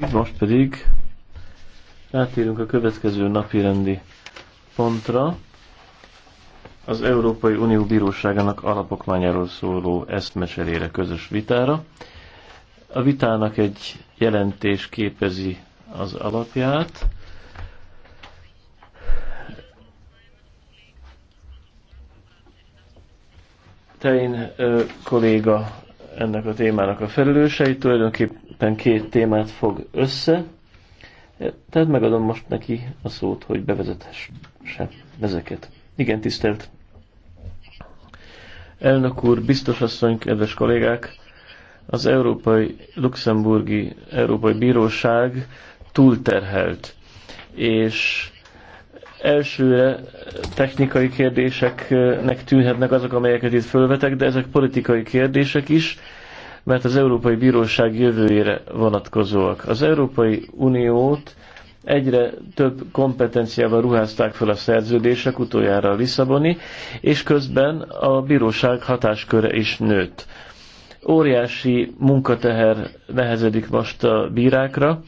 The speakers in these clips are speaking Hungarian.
Most pedig rátérünk a következő napi rendi pontra, az Európai Unió Bíróságának alapokmányáról szóló eszmecserére közös vitára. A vitának egy jelentés képezi az alapját. Tein kolléga ennek a témának a felelősei, tulajdonképpen tulajdonképpen két témát fog össze, tehát megadom most neki a szót, hogy bevezethesse ezeket. Igen, tisztelt elnök úr, biztos asszony, kedves kollégák! Az Európai Luxemburgi Európai Bíróság túlterhelt, és elsőre technikai kérdéseknek tűnhetnek azok, amelyeket itt fölvetek, de ezek politikai kérdések is, mert az Európai Bíróság jövőjére vonatkozóak. Az Európai Uniót egyre több kompetenciával ruházták fel a szerződések, utoljára a Lisszaboni, és közben a bíróság hatásköre is nőtt. Óriási munkateher nehezedik most a bírákra,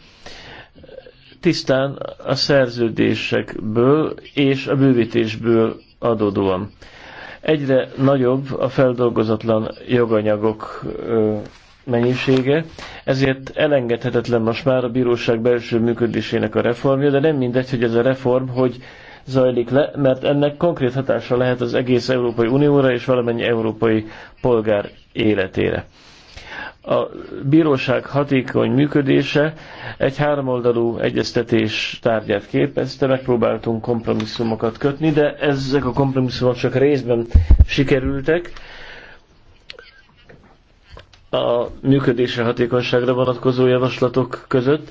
tisztán a szerződésekből és a bővítésből adódóan. Egyre nagyobb a feldolgozatlan joganyagok mennyisége, ezért elengedhetetlen most már a bíróság belső működésének a reformja, de nem mindegy, hogy ez a reform, hogy zajlik le, mert ennek konkrét hatása lehet az egész Európai Unióra és valamennyi európai polgár életére a bíróság hatékony működése egy háromoldalú egyeztetés tárgyát képezte, megpróbáltunk kompromisszumokat kötni, de ezek a kompromisszumok csak részben sikerültek. A működésre hatékonyságra vonatkozó javaslatok között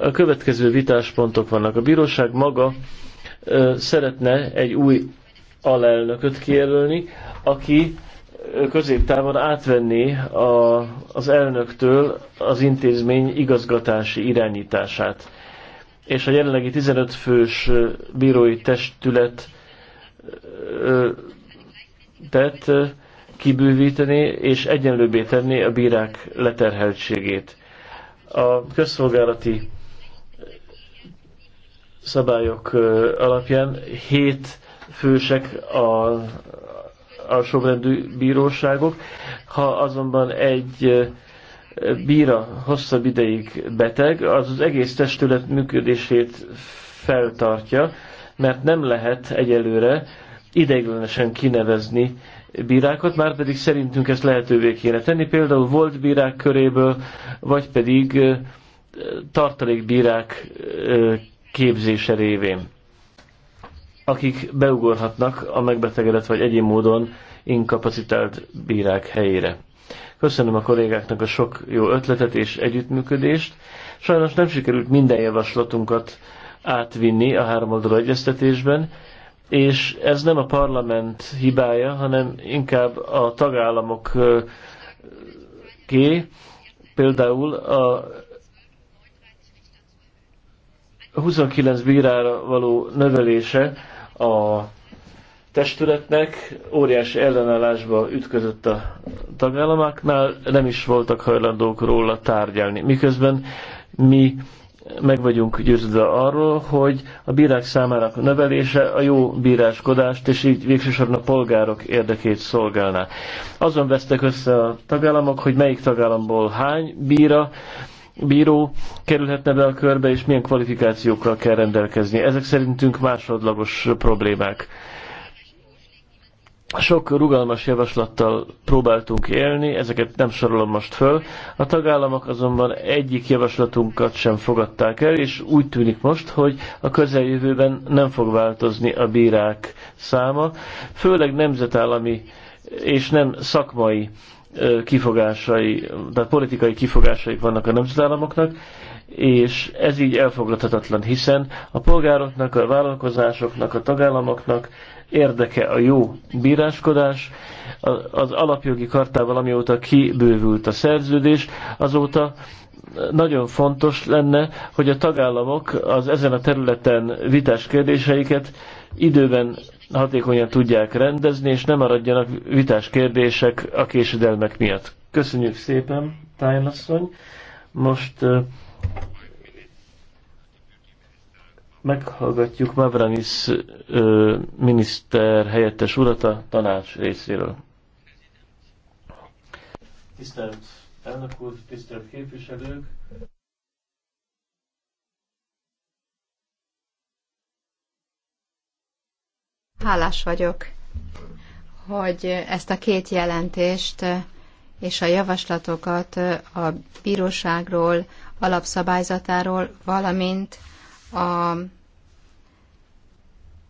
a következő vitáspontok vannak. A bíróság maga szeretne egy új alelnököt kijelölni, aki középtávon átvenni a, az elnöktől az intézmény igazgatási irányítását. És a jelenlegi 15 fős bírói testület tett kibővíteni és egyenlőbbé tenni a bírák leterheltségét. A közszolgálati szabályok alapján hét fősek a, alsóbrendű bíróságok. Ha azonban egy bíra hosszabb ideig beteg, az az egész testület működését feltartja, mert nem lehet egyelőre ideiglenesen kinevezni bírákat, már pedig szerintünk ezt lehetővé kéne tenni, például volt bírák köréből, vagy pedig tartalékbírák képzése révén akik beugorhatnak a megbetegedett vagy egyéb módon inkapacitált bírák helyére. Köszönöm a kollégáknak a sok jó ötletet és együttműködést. Sajnos nem sikerült minden javaslatunkat átvinni a háromoldalú egyeztetésben, és ez nem a parlament hibája, hanem inkább a tagállamok ké, például a 29 bírára való növelése a testületnek, óriási ellenállásba ütközött a tagállamáknál, nem is voltak hajlandók róla tárgyalni. Miközben mi meg vagyunk győződve arról, hogy a bírák számára a növelése a jó bíráskodást, és így végsősorban a polgárok érdekét szolgálná. Azon vesztek össze a tagállamok, hogy melyik tagállamból hány bíra, bíró kerülhetne be a körbe, és milyen kvalifikációkkal kell rendelkezni. Ezek szerintünk másodlagos problémák. Sok rugalmas javaslattal próbáltunk élni, ezeket nem sorolom most föl. A tagállamok azonban egyik javaslatunkat sem fogadták el, és úgy tűnik most, hogy a közeljövőben nem fog változni a bírák száma, főleg nemzetállami és nem szakmai kifogásai, tehát politikai kifogásaik vannak a nemzetállamoknak, és ez így elfogadhatatlan, hiszen a polgároknak, a vállalkozásoknak, a tagállamoknak érdeke a jó bíráskodás, az alapjogi kartával, amióta kibővült a szerződés, azóta nagyon fontos lenne, hogy a tagállamok az ezen a területen vitás kérdéseiket időben hatékonyan tudják rendezni, és nem maradjanak vitás kérdések a késedelmek miatt. Köszönjük szépen, Tájnasszony. Most meghallgatjuk Mavranis miniszter helyettes urat a tanács részéről. Tisztelt elnök úr, tisztelt képviselők! Hálás vagyok, hogy ezt a két jelentést és a javaslatokat a bíróságról, alapszabályzatáról, valamint a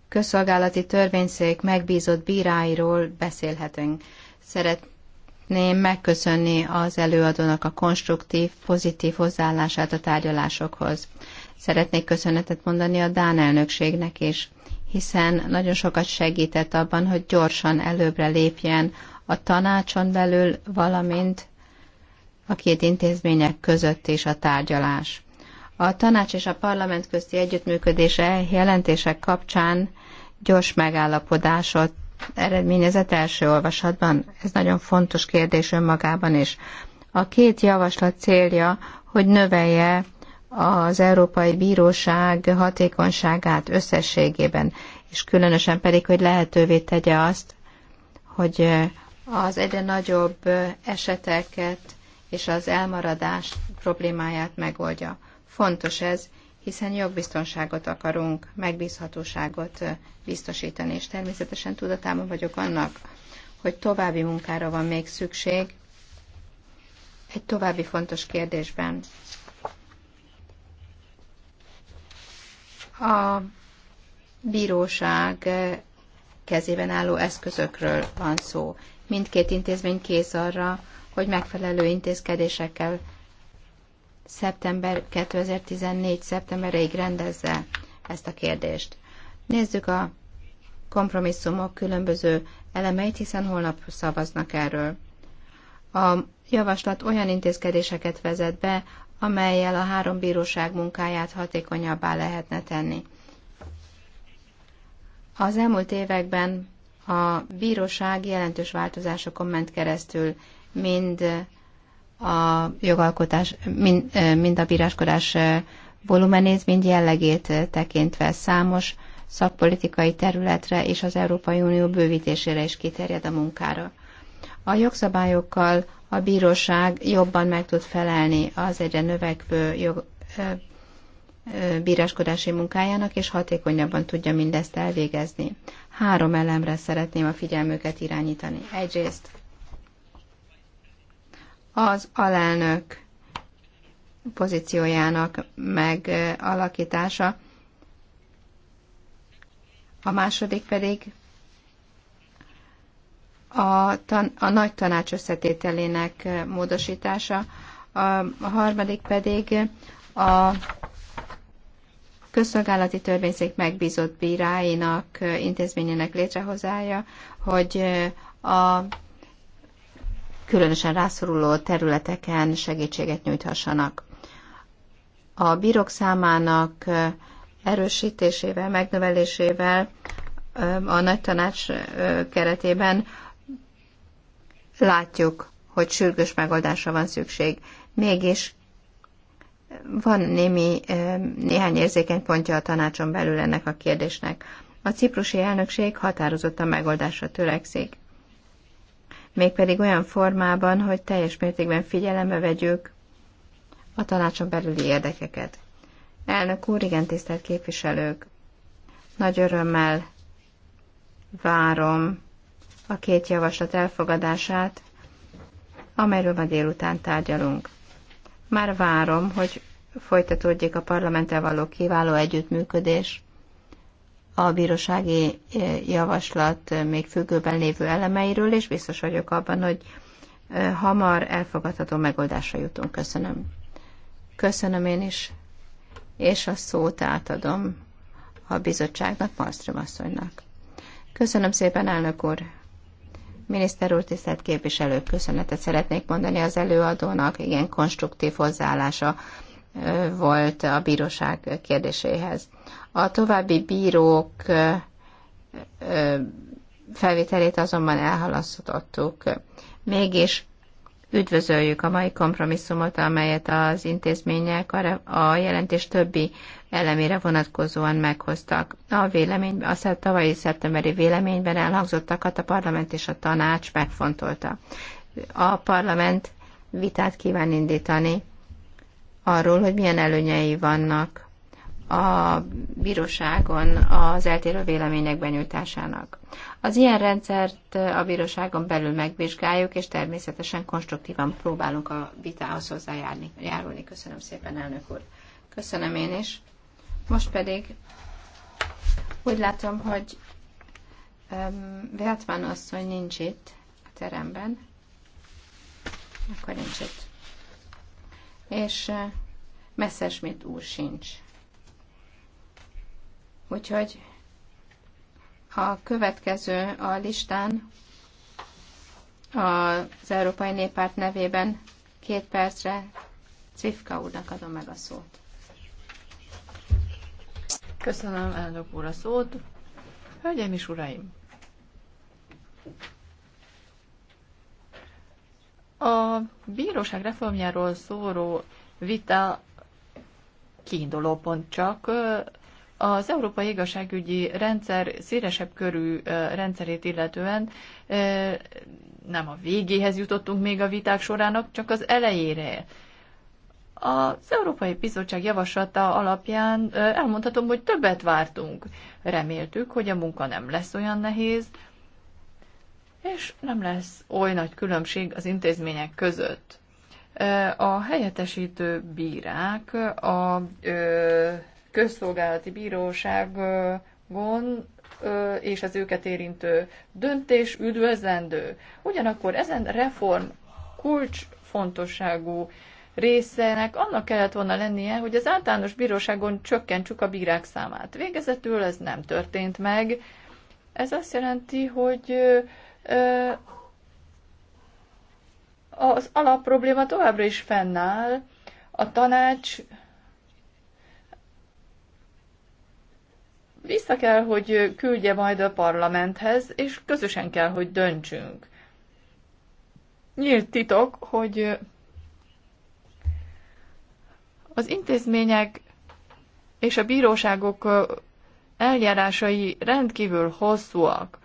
közszolgálati törvényszék megbízott bíráiról beszélhetünk. Szeretném megköszönni az előadónak a konstruktív, pozitív hozzáállását a tárgyalásokhoz. Szeretnék köszönetet mondani a Dán elnökségnek is hiszen nagyon sokat segített abban, hogy gyorsan előbbre lépjen a tanácson belül, valamint a két intézmények között is a tárgyalás. A tanács és a parlament közti együttműködése jelentések kapcsán gyors megállapodásot eredményezett első olvasatban. Ez nagyon fontos kérdés önmagában is. A két javaslat célja, hogy növelje az Európai Bíróság hatékonyságát összességében, és különösen pedig, hogy lehetővé tegye azt, hogy az egyre nagyobb eseteket és az elmaradás problémáját megoldja. Fontos ez, hiszen jogbiztonságot akarunk, megbízhatóságot biztosítani, és természetesen tudatában vagyok annak, hogy további munkára van még szükség egy további fontos kérdésben, A bíróság kezében álló eszközökről van szó. Mindkét intézmény kész arra, hogy megfelelő intézkedésekkel szeptember 2014. szeptemberéig rendezze ezt a kérdést. Nézzük a kompromisszumok különböző elemeit, hiszen holnap szavaznak erről. A javaslat olyan intézkedéseket vezet be, amelyel a három bíróság munkáját hatékonyabbá lehetne tenni. Az elmúlt években a bíróság jelentős változásokon ment keresztül, mind a jogalkotás, mind, mind a bíráskodás volumenét, mind jellegét tekintve számos szakpolitikai területre és az Európai Unió bővítésére is kiterjed a munkára. A jogszabályokkal a bíróság jobban meg tud felelni az egyre növekvő jog, bíráskodási munkájának, és hatékonyabban tudja mindezt elvégezni. Három elemre szeretném a figyelmüket irányítani. Egyrészt az alelnök pozíciójának megalakítása, a második pedig a, tan, a nagy tanács összetételének módosítása, a, a harmadik pedig a közszolgálati törvényszék megbízott bíráinak, intézményének létrehozája, hogy a különösen rászoruló területeken segítséget nyújthassanak. A bírok számának erősítésével, megnövelésével a nagy tanács keretében Látjuk, hogy sürgős megoldásra van szükség. Mégis van némi, néhány érzékeny pontja a tanácson belül ennek a kérdésnek. A ciprusi elnökség határozottan megoldásra törekszik. Mégpedig olyan formában, hogy teljes mértékben figyelembe vegyük a tanácson belüli érdekeket. Elnök úr, igen tisztelt képviselők! Nagy örömmel várom a két javaslat elfogadását, amelyről ma délután tárgyalunk. Már várom, hogy folytatódjék a parlamenttel való kiváló együttműködés, a bírósági e, javaslat még függőben lévő elemeiről, és biztos vagyok abban, hogy e, hamar elfogadható megoldásra jutunk. Köszönöm. Köszönöm én is, és a szót átadom a bizottságnak, Malmström asszonynak. Köszönöm szépen, elnök úr! Miniszter úr, tisztelt képviselők, köszönetet szeretnék mondani az előadónak, igen konstruktív hozzáállása volt a bíróság kérdéséhez. A további bírók felvételét azonban elhalasztottuk. Mégis Üdvözöljük a mai kompromisszumot, amelyet az intézmények a jelentés többi elemére vonatkozóan meghoztak. A, véleményben, a tavalyi szeptemberi véleményben elhangzottakat a parlament és a tanács megfontolta. A parlament vitát kíván indítani arról, hogy milyen előnyei vannak a bíróságon az eltérő vélemények benyújtásának. Az ilyen rendszert a bíróságon belül megvizsgáljuk, és természetesen konstruktívan próbálunk a vitához hozzájárni. Járulni. Köszönöm szépen, elnök úr. Köszönöm én is. Most pedig úgy látom, hogy um, Veltman asszony nincs itt a teremben. Akkor nincs itt. És uh, eh, Messerschmidt úr sincs. Úgyhogy a következő a listán az Európai Néppárt nevében két percre Cifka úrnak adom meg a szót. Köszönöm, elnök úr, a szót. Hölgyeim és uraim! A bíróság reformjáról szóró vita kiinduló pont csak az európai igazságügyi rendszer szélesebb körű rendszerét illetően nem a végéhez jutottunk még a viták sorának, csak az elejére. Az Európai Bizottság javaslata alapján elmondhatom, hogy többet vártunk. Reméltük, hogy a munka nem lesz olyan nehéz, és nem lesz oly nagy különbség az intézmények között. A helyettesítő bírák a közszolgálati bíróságon és az őket érintő döntés üdvözlendő. Ugyanakkor ezen reform kulcsfontosságú részének annak kellett volna lennie, hogy az általános bíróságon csökkentsük a bírák számát. Végezetül ez nem történt meg. Ez azt jelenti, hogy az alapprobléma továbbra is fennáll, a tanács vissza kell, hogy küldje majd a parlamenthez, és közösen kell, hogy döntsünk. Nyílt titok, hogy az intézmények és a bíróságok eljárásai rendkívül hosszúak.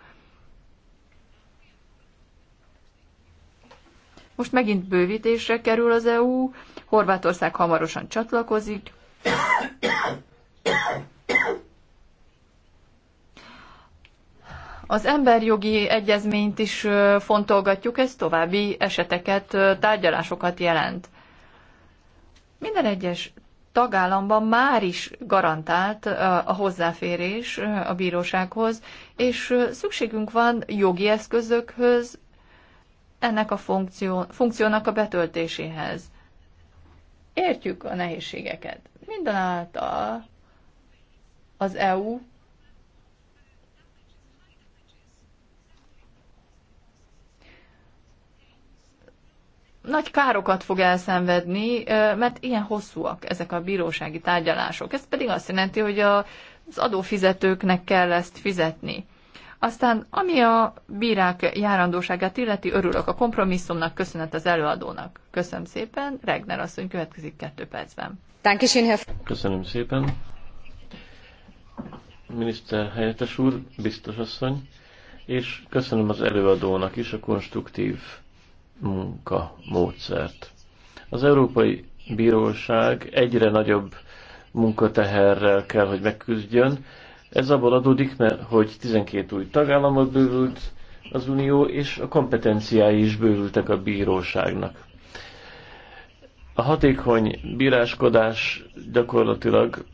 Most megint bővítésre kerül az EU, Horvátország hamarosan csatlakozik. Az emberjogi egyezményt is fontolgatjuk, ez további eseteket, tárgyalásokat jelent. Minden egyes tagállamban már is garantált a hozzáférés a bírósághoz, és szükségünk van jogi eszközökhöz ennek a funkció, funkciónak a betöltéséhez. Értjük a nehézségeket. Mindenáltal az EU nagy károkat fog elszenvedni, mert ilyen hosszúak ezek a bírósági tárgyalások. Ez pedig azt jelenti, hogy az adófizetőknek kell ezt fizetni. Aztán, ami a bírák járandóságát illeti, örülök a kompromisszumnak, köszönet az előadónak. Köszönöm szépen, Regner asszony következik kettő percben. Köszönöm szépen. Miniszter helyettes úr, biztos asszony, és köszönöm az előadónak is a konstruktív munkamódszert. Az Európai Bíróság egyre nagyobb munkateherrel kell, hogy megküzdjön. Ez abból adódik, mert hogy 12 új tagállamot bővült az Unió, és a kompetenciái is bővültek a bíróságnak. A hatékony bíráskodás gyakorlatilag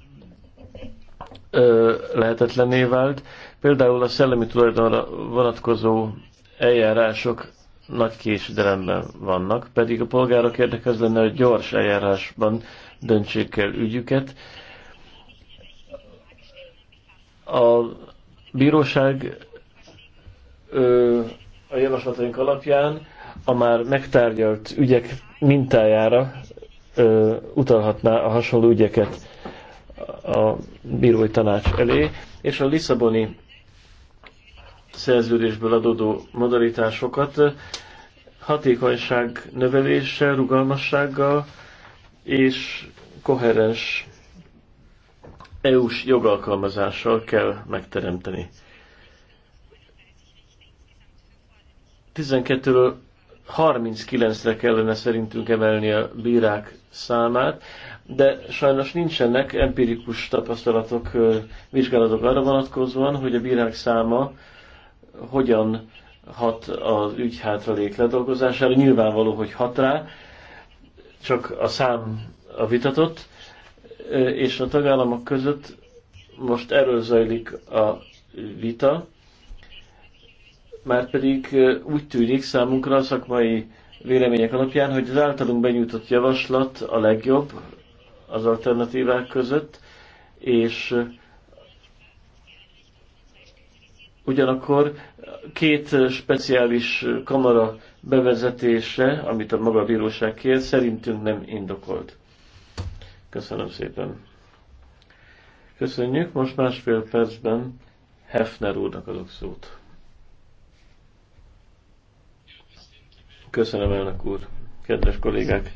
ö, lehetetlené vált. Például a szellemi tulajdonra vonatkozó eljárások nagy késedelemben vannak, pedig a polgárok érdeke lenne, hogy gyors eljárásban döntsék el ügyüket. A bíróság ö, a javaslataink alapján a már megtárgyalt ügyek mintájára ö, utalhatná a hasonló ügyeket a bírói tanács elé, és a Lisszaboni szerződésből adódó modalitásokat hatékonyság növeléssel, rugalmassággal és koherens EU-s jogalkalmazással kell megteremteni. 12-ről 39-re kellene szerintünk emelni a bírák számát, de sajnos nincsenek empirikus tapasztalatok, vizsgálatok arra vonatkozóan, hogy a bírák száma hogyan hat az ügy hátralék ledolgozására. Nyilvánvaló, hogy hat rá, csak a szám a vitatott, és a tagállamok között most erről zajlik a vita, már pedig úgy tűnik számunkra a szakmai vélemények alapján, hogy az általunk benyújtott javaslat a legjobb az alternatívák között, és Ugyanakkor két speciális kamara bevezetése, amit a maga bíróság kér, szerintünk nem indokolt. Köszönöm szépen. Köszönjük, most másfél percben Hefner úrnak adok szót. Köszönöm, elnök úr, kedves kollégák!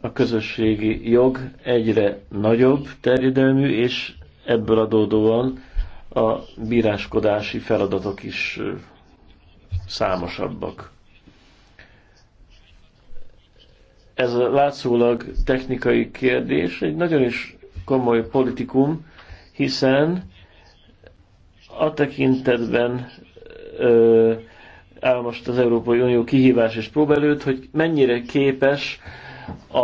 A közösségi jog egyre nagyobb terjedelmű, és ebből adódóan a bíráskodási feladatok is számosabbak. Ez a látszólag technikai kérdés egy nagyon is komoly politikum, hiszen a tekintetben ö, áll most az Európai Unió kihívás és próbelőt, hogy mennyire képes a,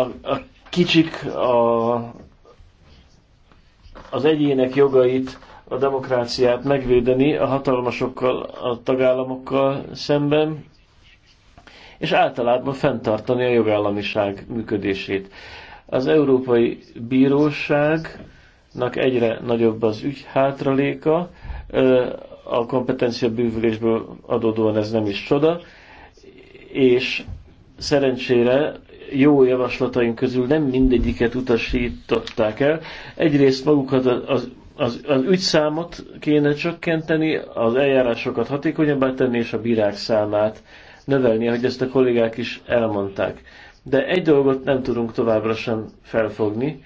a, a kicsik, a az egyének jogait, a demokráciát megvédeni a hatalmasokkal, a tagállamokkal szemben, és általában fenntartani a jogállamiság működését. Az Európai Bíróságnak egyre nagyobb az ügy hátraléka, a kompetencia bűvülésből adódóan ez nem is csoda, és szerencsére jó javaslataink közül nem mindegyiket utasították el. Egyrészt magukat az, az, az ügyszámot kéne csökkenteni, az eljárásokat hatékonyabbá tenni, és a bírák számát növelni, ahogy ezt a kollégák is elmondták. De egy dolgot nem tudunk továbbra sem felfogni,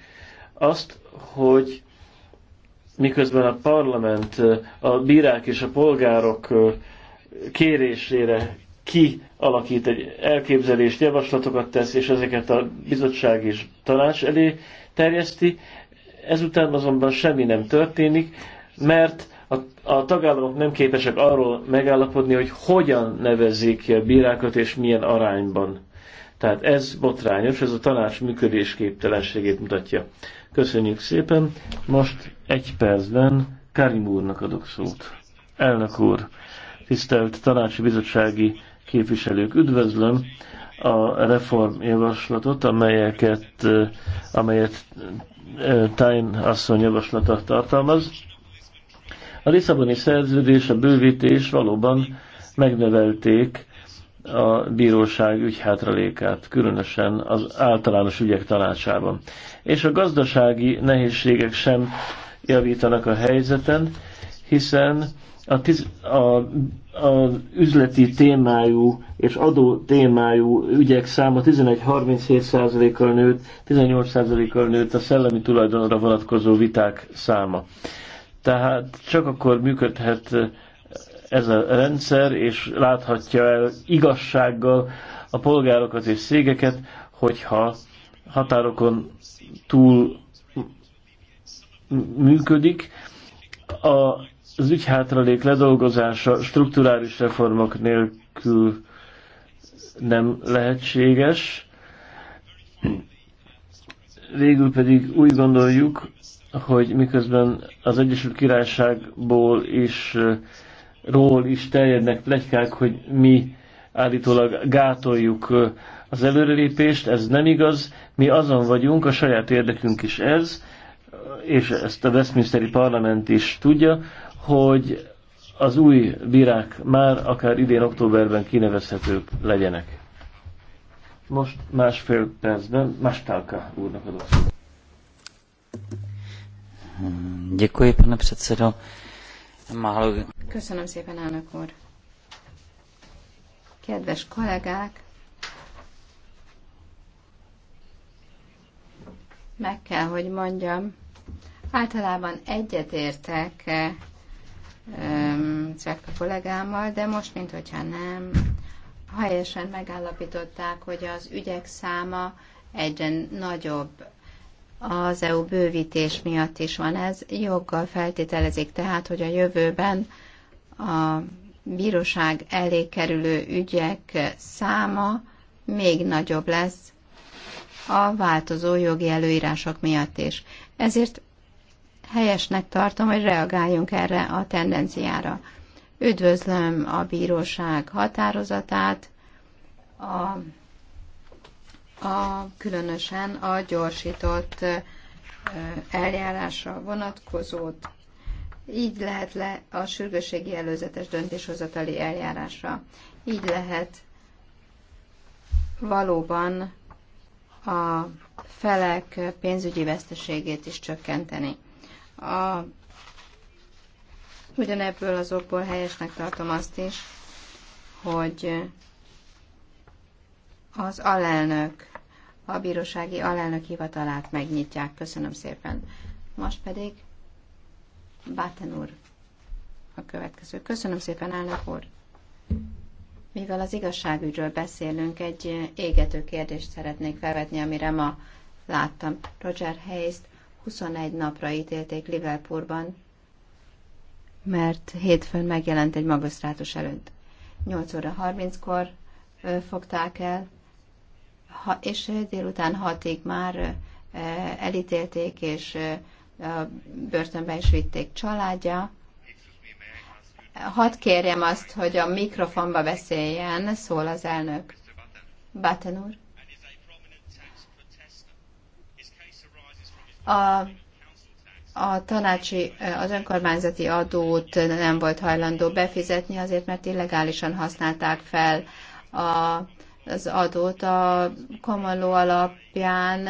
azt, hogy miközben a parlament a bírák és a polgárok kérésére ki alakít egy elképzelést, javaslatokat tesz, és ezeket a bizottság és tanács elé terjeszti. Ezután azonban semmi nem történik, mert a, a tagállamok nem képesek arról megállapodni, hogy hogyan nevezzék ki a bírákat és milyen arányban. Tehát ez botrányos, ez a tanács működésképtelenségét mutatja. Köszönjük szépen. Most egy percben Karim úrnak adok szót. Elnök úr, tisztelt tanácsi bizottsági képviselők, üdvözlöm a reformjavaslatot, amelyeket, amelyet Tájn asszony javaslata tartalmaz. A Lisszaboni szerződés, a bővítés valóban megnövelték a bíróság ügyhátralékát, különösen az általános ügyek tanácsában. És a gazdasági nehézségek sem javítanak a helyzeten, hiszen a, tiz, a, a üzleti témájú és adó témájú ügyek száma 11-37%-kal nőtt, 18%-kal nőtt a szellemi tulajdonra vonatkozó viták száma. Tehát csak akkor működhet ez a rendszer, és láthatja el igazsággal a polgárokat és szégeket, hogyha határokon túl működik. A az ügyhátralék ledolgozása strukturális reformok nélkül nem lehetséges. Végül pedig úgy gondoljuk, hogy miközben az Egyesült Királyságból is ról is terjednek plegykák, hogy mi állítólag gátoljuk az előrelépést, ez nem igaz, mi azon vagyunk, a saját érdekünk is ez, és ezt a Westminsteri parlament is tudja, hogy az új bírák már akár idén októberben kinevezhetők legyenek. Most másfél percben Mastálka úrnak adok dolgok. Děkuji, pane předsedo. Málo... Köszönöm szépen, elnök úr. Kedves kollégák, meg kell, hogy mondjam, általában egyetértek eh, a kollégámmal, de most, mint hogyha nem, helyesen megállapították, hogy az ügyek száma egyre nagyobb. Az EU bővítés miatt is van ez, joggal feltételezik tehát, hogy a jövőben a bíróság elé kerülő ügyek száma még nagyobb lesz a változó jogi előírások miatt is. Ezért helyesnek tartom, hogy reagáljunk erre a tendenciára. Üdvözlöm a bíróság határozatát, a, a különösen a gyorsított eljárásra vonatkozót. Így lehet le a sürgősségi előzetes döntéshozatali eljárásra. Így lehet valóban a felek pénzügyi veszteségét is csökkenteni. A, ugyanebből az okból helyesnek tartom azt is, hogy az alelnök, a bírósági alelnök hivatalát megnyitják. Köszönöm szépen. Most pedig Báten úr a következő. Köszönöm szépen, elnök úr. Mivel az igazságügyről beszélünk, egy égető kérdést szeretnék felvetni, amire ma láttam. Roger Hayes-t 21 napra ítélték Liverpoolban, mert hétfőn megjelent egy magasztrátus előtt. 8 óra 30-kor fogták el, és délután 6-ig már elítélték, és börtönbe is vitték családja. Hadd kérjem azt, hogy a mikrofonba beszéljen, szól az elnök. Baten úr. a, a tanácsi, az önkormányzati adót nem volt hajlandó befizetni azért, mert illegálisan használták fel a, az adót a komoló alapján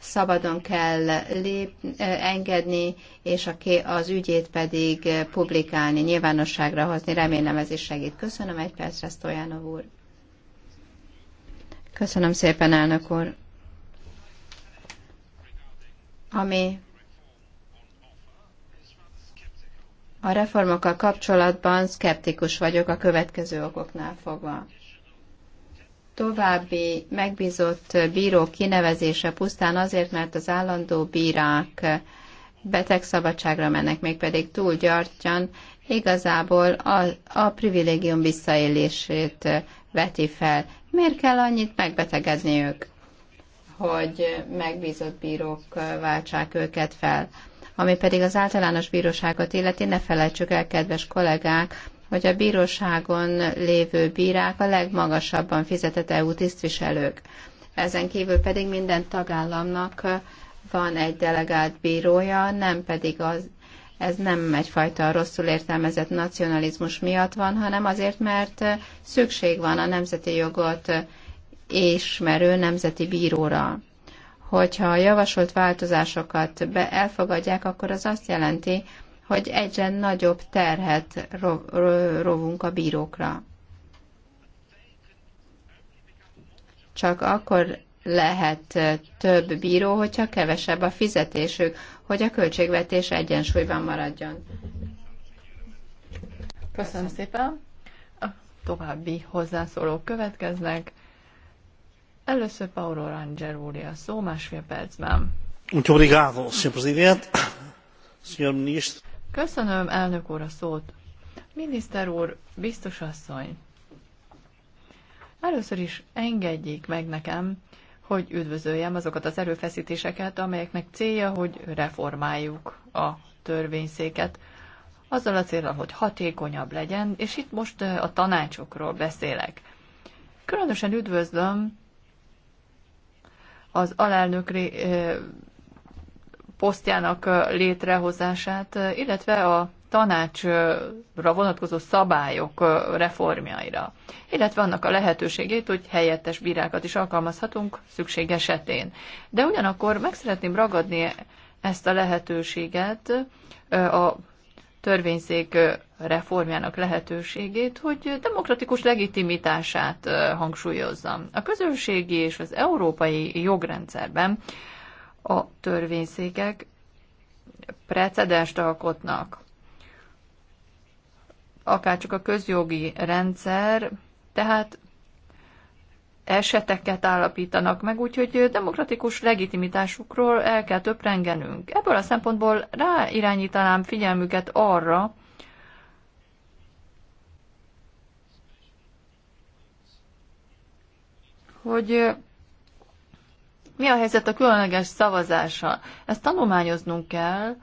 szabadon kell lép, engedni, és a, az ügyét pedig publikálni, nyilvánosságra hozni. Remélem ez is segít. Köszönöm egy percre, Sztojánov úr. Köszönöm szépen, elnök úr ami a reformokkal kapcsolatban szkeptikus vagyok a következő okoknál fogva. További megbízott bíró kinevezése pusztán azért, mert az állandó bírák betegszabadságra mennek, mégpedig túl gyartyan, igazából a, a privilégium visszaélését veti fel. Miért kell annyit megbetegedni ők? hogy megbízott bírók váltsák őket fel. Ami pedig az általános bíróságot illeti, ne felejtsük el, kedves kollégák, hogy a bíróságon lévő bírák a legmagasabban fizetett EU tisztviselők. Ezen kívül pedig minden tagállamnak van egy delegált bírója, nem pedig az, ez nem egyfajta rosszul értelmezett nacionalizmus miatt van, hanem azért, mert szükség van a nemzeti jogot ismerő nemzeti bíróra. Hogyha a javasolt változásokat be elfogadják, akkor az azt jelenti, hogy egyre nagyobb terhet rovunk a bírókra. Csak akkor lehet több bíró, hogyha kevesebb a fizetésük, hogy a költségvetés egyensúlyban maradjon. Köszönöm szépen. A további hozzászólók következnek. Először Paulo Ranger úr a szó másfél percben. Muito obrigado, Sr. Presidente, Sr. Ministro. Köszönöm, elnök úr, a szót. Miniszter úr, biztos asszony. Először is engedjék meg nekem, hogy üdvözöljem azokat az erőfeszítéseket, amelyeknek célja, hogy reformáljuk a törvényszéket, azzal a célral, hogy hatékonyabb legyen, és itt most a tanácsokról beszélek. Különösen üdvözlöm az alelnök posztjának létrehozását, illetve a tanácsra vonatkozó szabályok reformjaira, illetve annak a lehetőségét, hogy helyettes bírákat is alkalmazhatunk szükség esetén. De ugyanakkor meg szeretném ragadni ezt a lehetőséget a törvényszék reformjának lehetőségét, hogy demokratikus legitimitását hangsúlyozzam. A közösségi és az európai jogrendszerben a törvényszékek precedenst alkotnak. Akárcsak a közjogi rendszer, tehát eseteket állapítanak meg, úgyhogy demokratikus legitimitásukról el kell töprengenünk. Ebből a szempontból ráirányítanám figyelmüket arra, hogy mi a helyzet a különleges szavazással. Ezt tanulmányoznunk kell,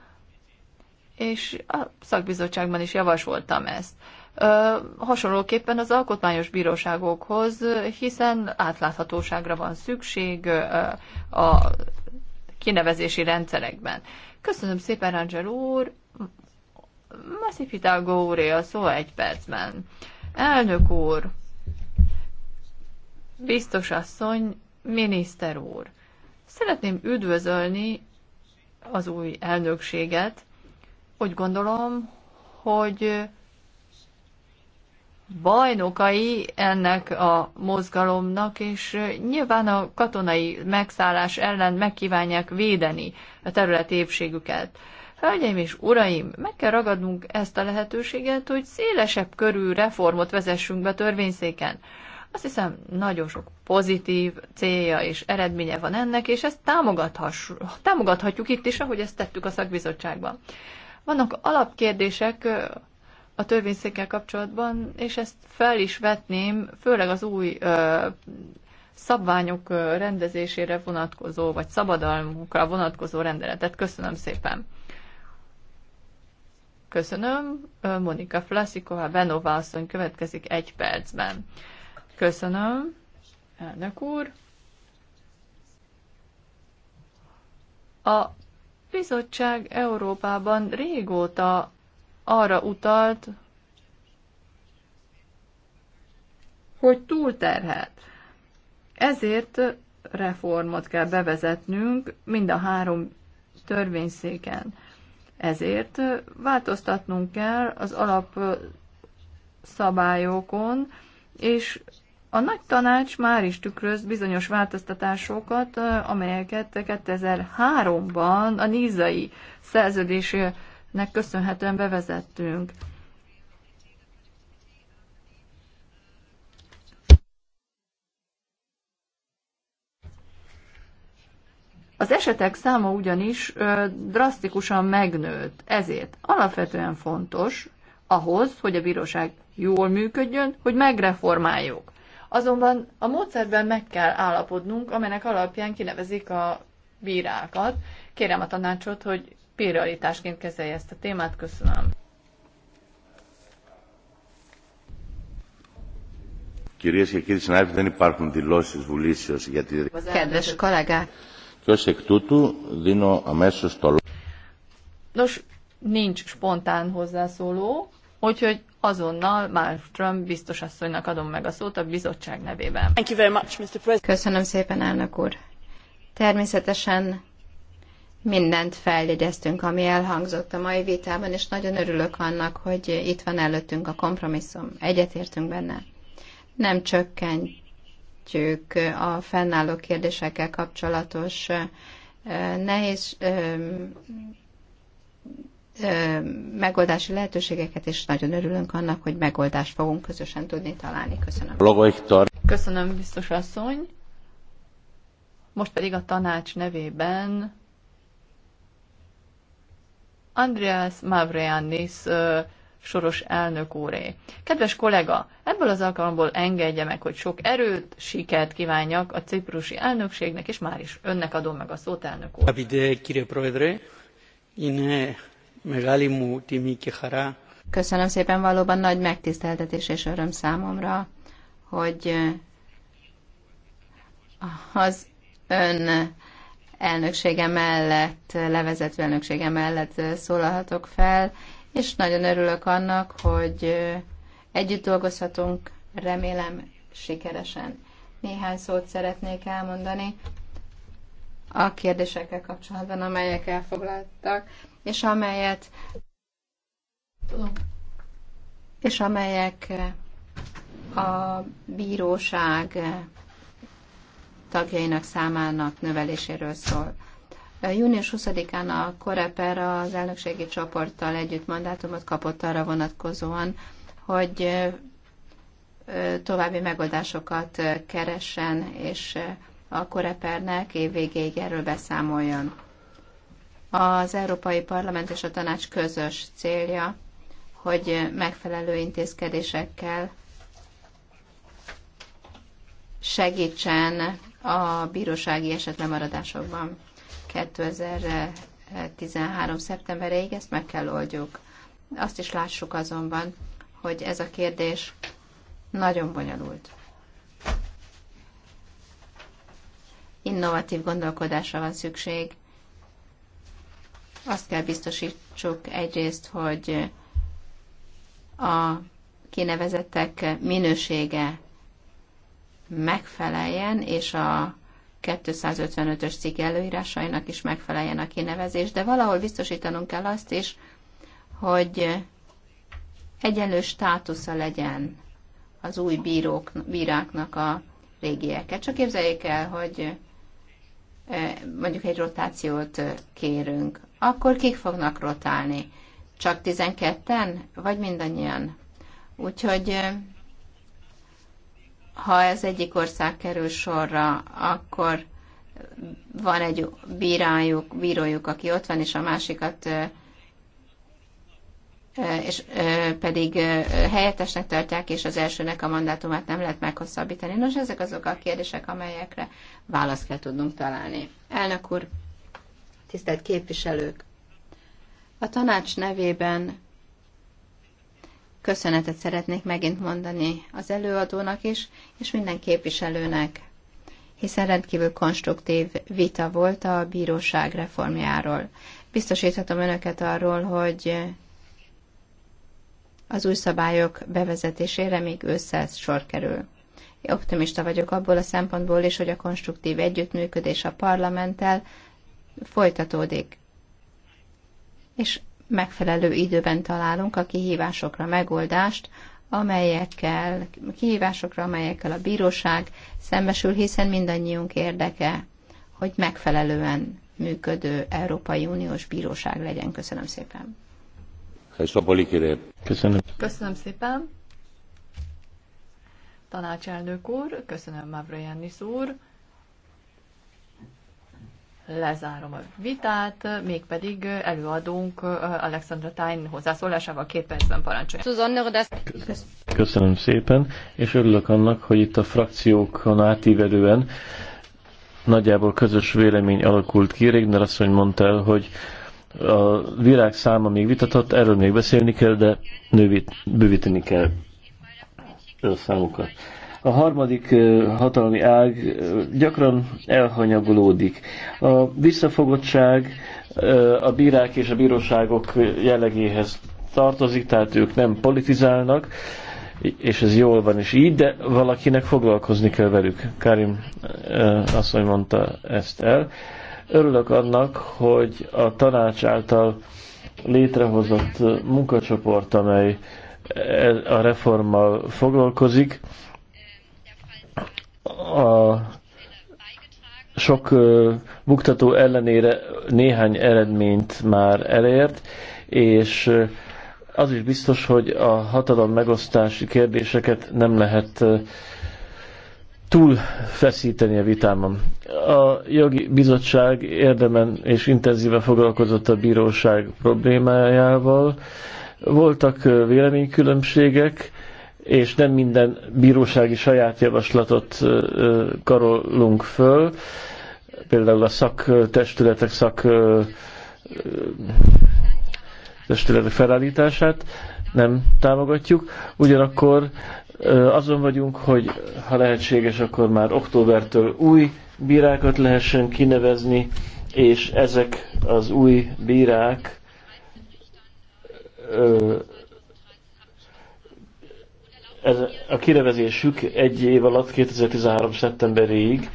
és a szakbizottságban is javasoltam ezt. hasonlóképpen az alkotmányos bíróságokhoz, hiszen átláthatóságra van szükség a kinevezési rendszerekben. Köszönöm szépen, Angel úr! Massifitágó Hidalgo úré a szó egy percben. Elnök úr, Biztos asszony, miniszter úr, szeretném üdvözölni az új elnökséget. Úgy gondolom, hogy bajnokai ennek a mozgalomnak, és nyilván a katonai megszállás ellen megkívánják védeni a terület épségüket. Hölgyeim és uraim, meg kell ragadnunk ezt a lehetőséget, hogy szélesebb körű reformot vezessünk be törvényszéken. Azt hiszem, nagyon sok pozitív célja és eredménye van ennek, és ezt támogathatjuk itt is, ahogy ezt tettük a szakbizottságban. Vannak alapkérdések a törvényszékkel kapcsolatban, és ezt fel is vetném, főleg az új ö, szabványok rendezésére vonatkozó, vagy szabadalmukra vonatkozó rendeletet. Köszönöm szépen! Köszönöm. Monika Flaszikova, Benova asszony következik egy percben. Köszönöm, elnök úr. A bizottság Európában régóta arra utalt, hogy túlterhet. Ezért reformot kell bevezetnünk mind a három törvényszéken. Ezért változtatnunk kell az alapszabályokon, és a nagy tanács már is tükröz bizonyos változtatásokat, amelyeket 2003-ban a nízai szerződésnek köszönhetően bevezettünk. Az esetek száma ugyanis ö, drasztikusan megnőtt, ezért alapvetően fontos ahhoz, hogy a bíróság jól működjön, hogy megreformáljuk. Azonban a módszerben meg kell állapodnunk, amelynek alapján kinevezik a bírákat. Kérem a tanácsot, hogy prioritásként kezelje ezt a témát. Köszönöm. Kedves kollégák! Nos, nincs spontán hozzászóló, úgyhogy azonnal Malmström biztos asszonynak adom meg a szót a bizottság nevében. Thank you very much, Mr. President. Köszönöm szépen, elnök úr. Természetesen mindent feljegyeztünk, ami elhangzott a mai vitában, és nagyon örülök annak, hogy itt van előttünk a kompromisszum. Egyetértünk benne. Nem csökkentjük a fennálló kérdésekkel kapcsolatos eh, nehéz eh, megoldási lehetőségeket, és nagyon örülünk annak, hogy megoldást fogunk közösen tudni találni. Köszönöm. Köszönöm, biztos asszony. Most pedig a tanács nevében Andreas Mavreanis soros elnök úré. Kedves kollega, ebből az alkalomból engedje meg, hogy sok erőt, sikert kívánjak a ciprusi elnökségnek, és már is önnek adom meg a szót, elnök úr. Köszönöm szépen, valóban nagy megtiszteltetés és öröm számomra, hogy eh, az ön elnöksége mellett, levezető elnöksége mellett eh, szólalhatok fel, és nagyon örülök annak, hogy eh, együtt dolgozhatunk, remélem sikeresen. Néhány szót szeretnék elmondani a kérdésekkel kapcsolatban, amelyek elfoglaltak és amelyet és amelyek eh, a bíróság eh, tagjainak számának növeléséről szól. Eh, június 20-án a Koreper az elnökségi csoporttal együtt mandátumot kapott arra vonatkozóan, hogy további megoldásokat keressen, és a Korepernek évvégéig erről beszámoljon. Az Európai Parlament és a Tanács közös célja, hogy megfelelő intézkedésekkel segítsen a bírósági esetlemaradásokban 2013. szeptemberéig, ezt meg kell oldjuk. Azt is lássuk azonban, hogy ez a kérdés nagyon bonyolult. Innovatív gondolkodásra van szükség, azt kell biztosítsuk egyrészt, hogy a kinevezettek minősége megfeleljen, és a 255-ös cikk előírásainak is megfeleljen a kinevezés, de valahol biztosítanunk kell azt is, hogy egyenlő státusza legyen az új bírók, bíráknak a régieket. Csak képzeljék el, hogy eh, mondjuk egy rotációt kérünk akkor kik fognak rotálni? Csak 12-en, vagy mindannyian? Úgyhogy ha az egyik ország kerül sorra, akkor van egy bírájuk, bírójuk, aki ott van, és a másikat és pedig helyettesnek tartják, és az elsőnek a mandátumát nem lehet meghosszabbítani. Nos, ezek azok a kérdések, amelyekre választ kell tudnunk találni. Elnök úr! tisztelt képviselők! A tanács nevében köszönetet szeretnék megint mondani az előadónak is, és minden képviselőnek, hiszen rendkívül konstruktív vita volt a bíróság reformjáról. Biztosíthatom önöket arról, hogy az új szabályok bevezetésére még ősszel sor kerül. Én optimista vagyok abból a szempontból is, hogy a konstruktív együttműködés a parlamenttel folytatódik. És megfelelő időben találunk a kihívásokra megoldást, amelyekkel, kihívásokra, amelyekkel a bíróság szembesül, hiszen mindannyiunk érdeke, hogy megfelelően működő Európai Uniós bíróság legyen. Köszönöm szépen. Köszönöm. Köszönöm szépen. Tanácselnök úr, köszönöm Mavroyannis úr lezárom a vitát, mégpedig előadunk Alexandra Tain hozzászólásával két percben parancsolja. Köszönöm szépen, és örülök annak, hogy itt a frakciókon átívelően nagyjából közös vélemény alakult ki. Régner asszony mondta el, hogy a virág száma még vitatott, erről még beszélni kell, de nővít, bővíteni kell a számukat a harmadik hatalmi ág gyakran elhanyagolódik. A visszafogottság a bírák és a bíróságok jellegéhez tartozik, tehát ők nem politizálnak, és ez jól van is így, de valakinek foglalkozni kell velük. Karim asszony mondta ezt el. Örülök annak, hogy a tanács által létrehozott munkacsoport, amely a reformmal foglalkozik, a sok buktató ellenére néhány eredményt már elért, és az is biztos, hogy a hatalom megosztási kérdéseket nem lehet túl feszíteni a vitámon. A jogi bizottság érdemen és intenzíven foglalkozott a bíróság problémájával. Voltak véleménykülönbségek, és nem minden bírósági saját javaslatot karolunk föl, például a szaktestületek szak testületek felállítását nem támogatjuk, ugyanakkor azon vagyunk, hogy ha lehetséges, akkor már októbertől új bírákat lehessen kinevezni, és ezek az új bírák ez a kirevezésük egy év alatt 2013. szeptemberéig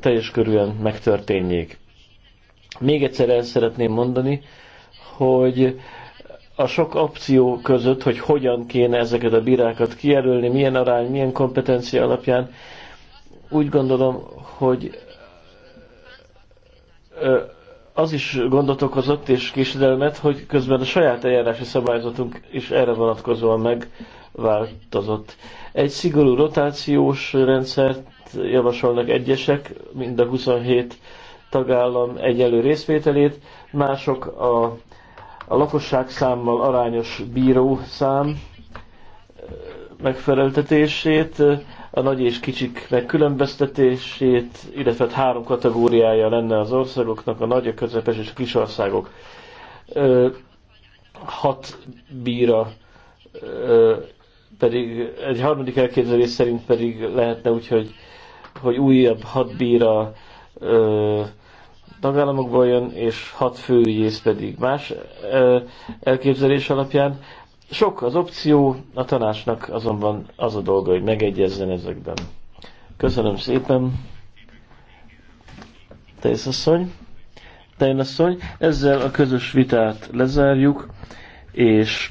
teljes körűen megtörténjék. Még egyszer el szeretném mondani, hogy a sok opció között, hogy hogyan kéne ezeket a bírákat kijelölni, milyen arány, milyen kompetencia alapján, úgy gondolom, hogy az is gondot okozott és késedelmet, hogy közben a saját eljárási szabályzatunk is erre vonatkozóan meg változott. Egy szigorú rotációs rendszert javasolnak egyesek, mind a 27 tagállam egyelő részvételét, mások a, a lakosság számmal arányos bíró szám megfeleltetését, a nagy és kicsik megkülönböztetését, illetve hát három kategóriája lenne az országoknak, a nagy, a közepes és a kis országok. Hat bíra pedig egy harmadik elképzelés szerint pedig lehetne úgy, hogy, hogy újabb hat bíra ö, tagállamokból jön, és hat főügyész pedig más ö, elképzelés alapján. Sok az opció, a tanácsnak azonban az a dolga, hogy megegyezzen ezekben. Köszönöm szépen, Tejszasszony. asszony. ezzel a közös vitát lezárjuk, és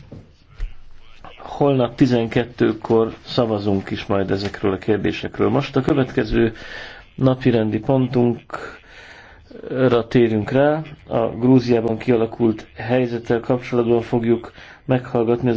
holnap 12-kor szavazunk is majd ezekről a kérdésekről. Most a következő napirendi pontunkra térünk rá. A Grúziában kialakult helyzettel kapcsolatban fogjuk meghallgatni az